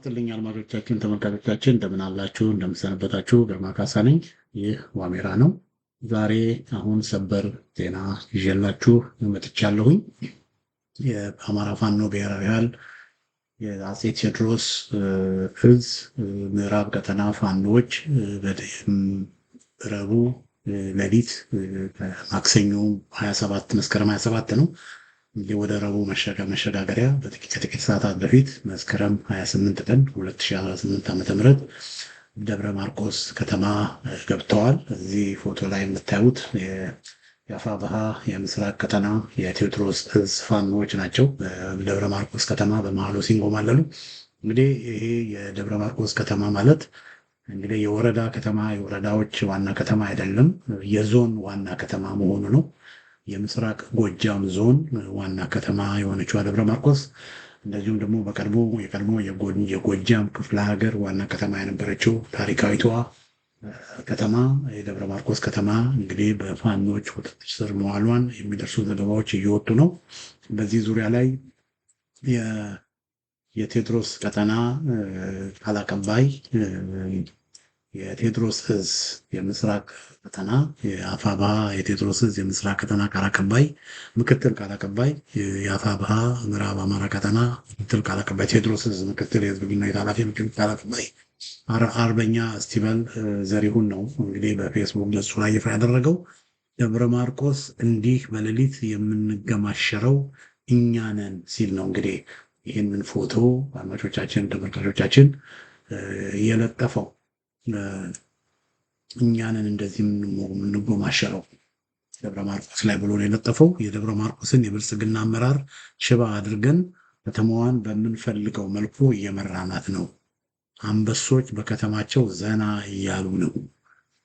ይስጥልኝ አድማጮቻችን፣ ተመልካቾቻችን እንደምን አላችሁ? እንደምሰነበታችሁ። ግርማ ካሳ ነኝ። ይህ ዋሜራ ነው። ዛሬ አሁን ሰበር ዜና ይዤላችሁ መጥቻለሁኝ። የአማራ ፋኖ ብሔራዊ ኃይል የአጼ ቴዎድሮስ እዝ ምዕራብ ቀጠና ፋኖዎች ረቡዕ ሌሊት ማክሰኞ 27 መስከረም 27 ነው እንግዲህ ወደ ረቡዕ መሸጋገሪያ ከጥቂት ሰዓታት በፊት መስከረም 28 ቀን 2018 ዓ ደብረ ማርቆስ ከተማ ገብተዋል። እዚህ ፎቶ ላይ የምታዩት የአፋብሃ የምስራቅ ቀጠና የቴዎድሮስ እዝ ፋኖዎች ናቸው። ደብረ ማርቆስ ከተማ በመሀሉ ሲንጎማለሉ። እንግዲህ ይሄ የደብረ ማርቆስ ከተማ ማለት እንግዲህ የወረዳ ከተማ የወረዳዎች ዋና ከተማ አይደለም፣ የዞን ዋና ከተማ መሆኑ ነው። የምስራቅ ጎጃም ዞን ዋና ከተማ የሆነችዋ ደብረ ማርቆስ እንደዚሁም ደግሞ በቀድሞ የቀድሞ የጎጃም ክፍለ ሀገር ዋና ከተማ የነበረችው ታሪካዊቷ ከተማ የደብረ ማርቆስ ከተማ እንግዲህ በፋኖች ቁጥጥር ስር መዋሏን የሚደርሱ ዘገባዎች እየወጡ ነው። በዚህ ዙሪያ ላይ የቴዎድሮስ ቀጠና ቃል አቀባይ የቴዎድሮስ እዝ የምስራቅ ቀጠና የአፋባ የቴዎድሮስ እዝ የምስራቅ ቀጠና ቃል አቀባይ፣ ምክትል ቃል አቀባይ፣ የአፋባ ምዕራብ አማራ ቀጠና ምክትል ቃል አቀባይ፣ ቴዎድሮስ እዝ ምክትል የህዝብ ግንኙነት ኃላፊ፣ ምክትል ቃል አቀባይ አርበኛ ስቲቨን ዘሪሁን ነው እንግዲህ በፌስቡክ ገጹ ላይ ይፋ ያደረገው። ደብረ ማርቆስ እንዲህ በሌሊት የምንገማሸረው እኛ ነን ሲል ነው እንግዲህ ይህንን ፎቶ አድማጮቻችን ተመልካቾቻችን የለጠፈው። እኛንን እንደዚህ የምንጎማሸረው ደብረ ማርቆስ ላይ ብሎ ነው የለጠፈው። የደብረ ማርቆስን የብልጽግና አመራር ሽባ አድርገን ከተማዋን በምንፈልገው መልኩ እየመራናት ነው። አንበሶች በከተማቸው ዘና እያሉ ነው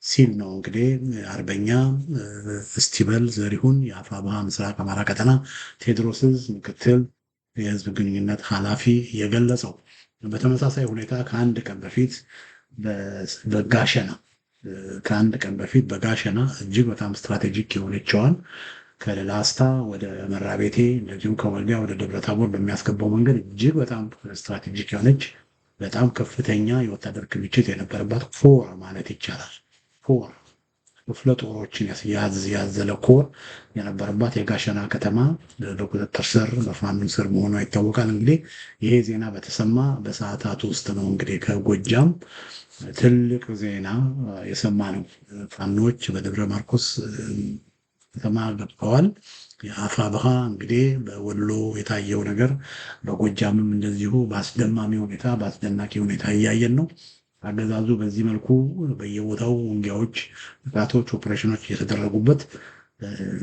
ሲል ነው እንግዲህ አርበኛ እስቲበል ዘሪሁን የአፋብሃ ምስራቅ አማራ ቀጠና ቴዎድሮስ ምክትል የህዝብ ግንኙነት ኃላፊ የገለጸው። በተመሳሳይ ሁኔታ ከአንድ ቀን በፊት በጋሸና ከአንድ ቀን በፊት በጋሸና እጅግ በጣም ስትራቴጂክ የሆነችዋን ከላስታ ወደ መራቤቴ እንደዚሁም ከወልዲያ ወደ ደብረ ታቦር በሚያስገባው መንገድ እጅግ በጣም ስትራቴጂክ የሆነች በጣም ከፍተኛ የወታደር ክምችት የነበረባት ፎር ማለት ይቻላል ፎር ክፍለ ጦሮችን ያዘለ ኮር የነበረባት የጋሸና ከተማ በቁጥጥር ስር በፋኖ ስር መሆኗ ይታወቃል። እንግዲህ ይሄ ዜና በተሰማ በሰዓታት ውስጥ ነው እንግዲህ ከጎጃም ትልቅ ዜና የሰማ ነው። ፋኖች በደብረ ማርቆስ ከተማ ገብተዋል። ብሃ እንግዲህ በወሎ የታየው ነገር በጎጃምም እንደዚሁ በአስደማሚ ሁኔታ በአስደናቂ ሁኔታ እያየን ነው። አገዛዙ በዚህ መልኩ በየቦታው ውጊያዎች፣ ጥቃቶች፣ ኦፕሬሽኖች እየተደረጉበት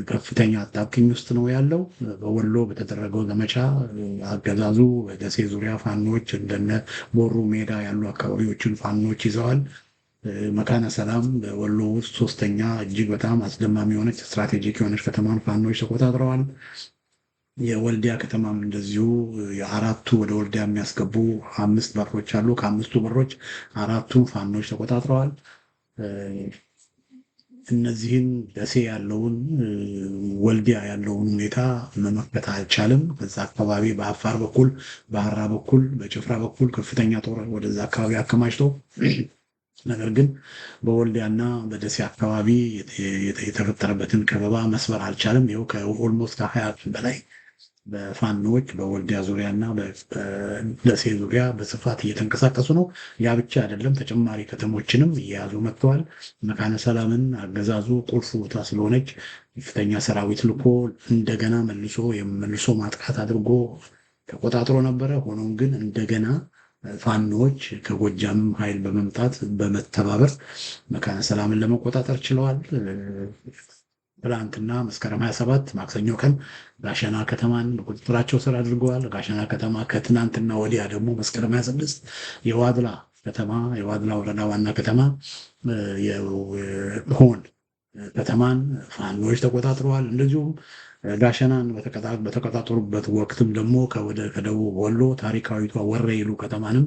ከፍተኛ አጣብቂኝ ውስጥ ነው ያለው። በወሎ በተደረገው ዘመቻ አገዛዙ በደሴ ዙሪያ ፋኖች እንደነ ቦሩ ሜዳ ያሉ አካባቢዎችን ፋኖች ይዘዋል። መካነ ሰላም በወሎ ውስጥ ሶስተኛ እጅግ በጣም አስደማሚ የሆነች ስትራቴጂክ የሆነች ከተማን ፋኖች ተቆጣጥረዋል። የወልዲያ ከተማም እንደዚሁ የአራቱ ወደ ወልዲያ የሚያስገቡ አምስት በሮች አሉ። ከአምስቱ በሮች አራቱ ፋኖች ተቆጣጥረዋል። እነዚህን ደሴ ያለውን ወልዲያ ያለውን ሁኔታ መመከት አልቻልም። በዛ አካባቢ በአፋር በኩል በሀራ በኩል በጭፍራ በኩል ከፍተኛ ጦር ወደዛ አካባቢ አከማችቶ ነገር ግን በወልዲያና በደሴ አካባቢ የተፈጠረበትን ከበባ መስበር አልቻልም። ይኸው ከኦልሞስት ከሀያ በላይ በፋኖዎች በወልዲያ ዙሪያ እና ደሴ ዙሪያ በስፋት እየተንቀሳቀሱ ነው። ያ ብቻ አይደለም፣ ተጨማሪ ከተሞችንም እየያዙ መጥተዋል። መካነ ሰላምን አገዛዙ ቁልፍ ቦታ ስለሆነች ከፍተኛ ሰራዊት ልኮ እንደገና መልሶ የመልሶ ማጥቃት አድርጎ ተቆጣጥሮ ነበረ። ሆኖም ግን እንደገና ፋኖዎች ከጎጃም ኃይል በመምጣት በመተባበር መካነ ሰላምን ለመቆጣጠር ችለዋል። ትላንትና መስከረም 27 ማክሰኞ ቀን ጋሸና ከተማን በቁጥጥራቸው ስር አድርገዋል። ጋሸና ከተማ ከትናንትና ወዲያ ደግሞ መስከረም 26 የዋድላ ከተማ የዋድላ ወረዳ ዋና ከተማ የሆን ከተማን ፋኖች ተቆጣጥረዋል። እንደዚሁም ጋሸናን በተቆጣጠሩበት ወቅትም ደግሞ ከደቡብ ወሎ ታሪካዊቷ ወረይሉ ከተማንም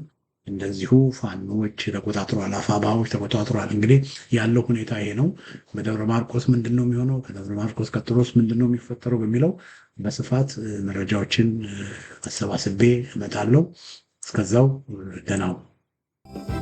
እንደዚሁ ፋኖች ተቆጣጥሯል፣ አፋባዎች ተቆጣጥሯል። እንግዲህ ያለው ሁኔታ ይሄ ነው። በደብረ ማርቆስ ምንድን ነው የሚሆነው? ከደብረ ማርቆስ ቀጥሎስ ምንድን ነው የሚፈጠረው? በሚለው በስፋት መረጃዎችን አሰባስቤ እመጣለሁ። እስከዛው ደህና ሁኑ።